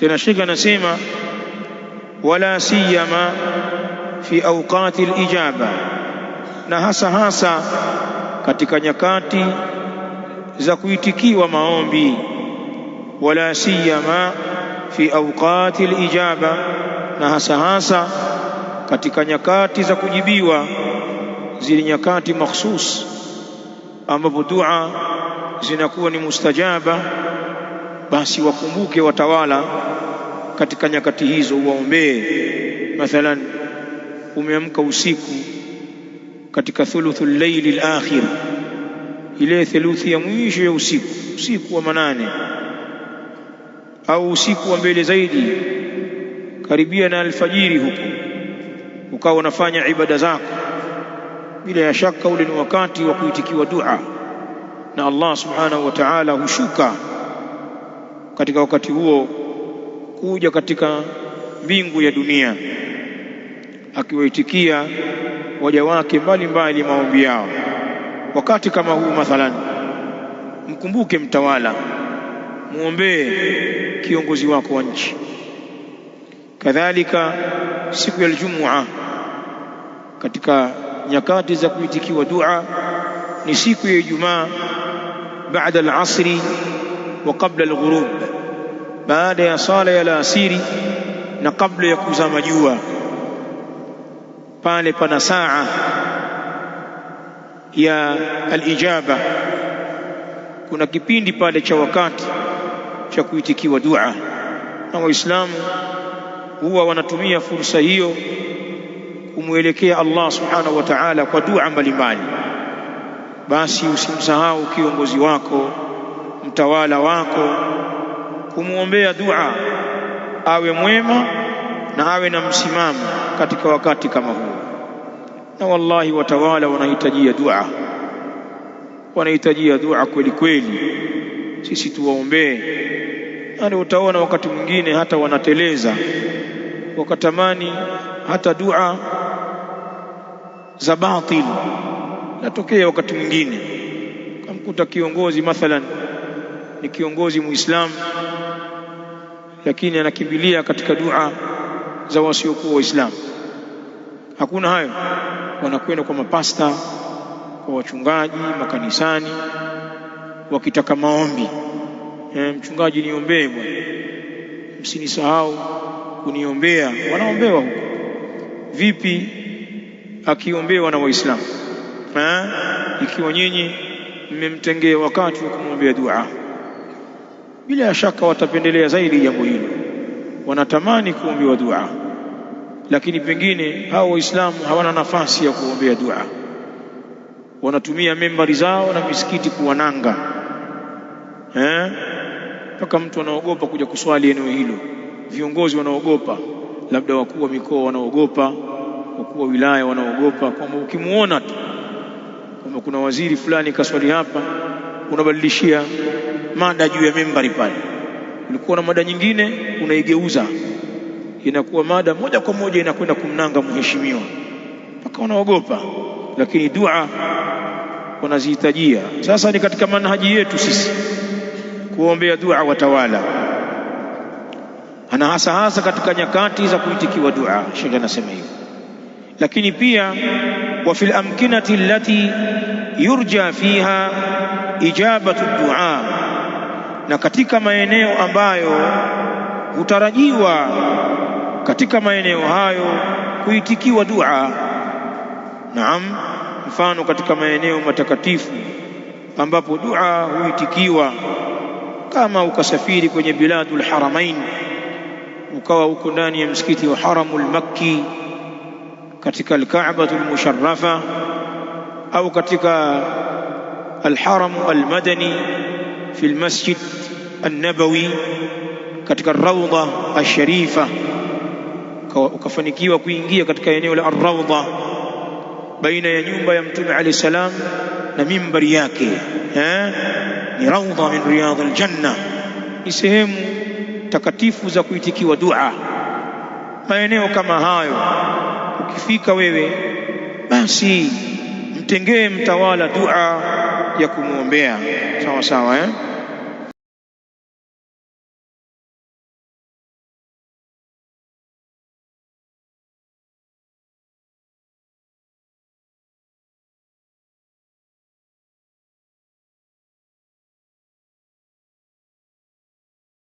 Tena shekhe anasema wala siyama fi awqati alijaba, na hasa hasa katika nyakati za kuitikiwa maombi. Wala siyama fi awqati alijaba, na hasa hasa katika nyakati za kujibiwa, zile nyakati makhsus ambapo dua zinakuwa ni mustajaba basi wakumbuke watawala katika nyakati hizo, waombee. Mathalan, umeamka usiku katika thuluthul laili lakhir ile theluthi ya mwisho ya usiku, usiku wa manane au usiku wa mbele zaidi, karibia na alfajiri huko, ukawa unafanya ibada zako, bila ya shaka ule ni wakati wa kuitikiwa dua na Allah subhanahu wa ta'ala, hushuka katika wakati huo kuja katika mbingu ya dunia akiwaitikia waja wake mbalimbali maombi yao. Wakati kama huu mathalan, mkumbuke mtawala, mwombee kiongozi wako wa nchi. Kadhalika siku ya Ijumaa, katika nyakati za kuitikiwa dua ni siku ya Ijumaa baada al-asri wa qabla alghurub, baada ya sala ya alasiri na kabla ya kuzama jua. Pale pana saa ya alijaba, kuna kipindi pale cha wakati cha kuitikiwa dua, na Waislamu huwa wanatumia fursa hiyo kumwelekea Allah subhanahu wa ta'ala kwa dua mbalimbali. Basi usimsahau kiongozi wako mtawala wako, kumwombea dua awe mwema na awe na msimamo katika wakati kama huu. Na wallahi watawala wanahitajia dua, wanahitajia dua kweli kweli. Sisi tuwaombee, yaani utaona wakati mwingine hata wanateleza, wakatamani hata dua za batili. Natokea wakati mwingine kamkuta kiongozi mathalan ni kiongozi Muislamu, lakini anakimbilia katika dua za wasiokuwa Waislamu. Hakuna hayo, wanakwenda kwa mapasta, kwa wachungaji makanisani, wakitaka maombi. E, mchungaji, niombee bwana, msinisahau kuniombea. Wanaombewa huko vipi? Akiombewa na Waislamu, eh, ikiwa nyinyi mmemtengea wakati wa kumwombea dua bila shaka watapendelea zaidi jambo hilo, wanatamani kuombewa dua, lakini pengine hao Waislamu hawana nafasi ya kuombea dua, wanatumia membari zao na misikiti kuwananga eh? mpaka mtu anaogopa kuja kuswali eneo hilo. Viongozi wanaogopa, labda wakuu wa mikoa wanaogopa, wakuu wa wilaya wanaogopa, kwamba ukimwona tu kwamba kuna waziri fulani kaswali hapa unabadilishia mada juu ya mimbari pale, ulikuwa na mada nyingine unaigeuza inakuwa mada moja kwa moja inakwenda kumnanga mheshimiwa mpaka wanaogopa, lakini dua wanazihitajia. Sasa ni katika manhaji yetu sisi kuombea dua watawala, ana hasa hasa katika nyakati za kuitikiwa dua. Sheikh anasema hivyo, lakini pia wa fil amkinati allati yurja fiha ijabatu duaa na katika maeneo ambayo hutarajiwa katika maeneo hayo kuitikiwa dua. Naam, mfano katika maeneo matakatifu ambapo dua huitikiwa, kama ukasafiri kwenye biladul haramain, ukawa uko ndani ya msikiti wa haramul makki katika alka'batul musharrafa au katika alharamu almadani fi lmasjid annabawi katika raudha alsharifa ukafanikiwa kuingia katika eneo la arraudha baina ya nyumba ya Mtume alayhi salam na mimbari yake eh, ni raudha min riyadh aljanna, ni sehemu takatifu za kuitikiwa dua. Maeneo kama hayo ukifika wewe, basi mtengee mtawala dua ya kumwombea. Sawa sawa eh?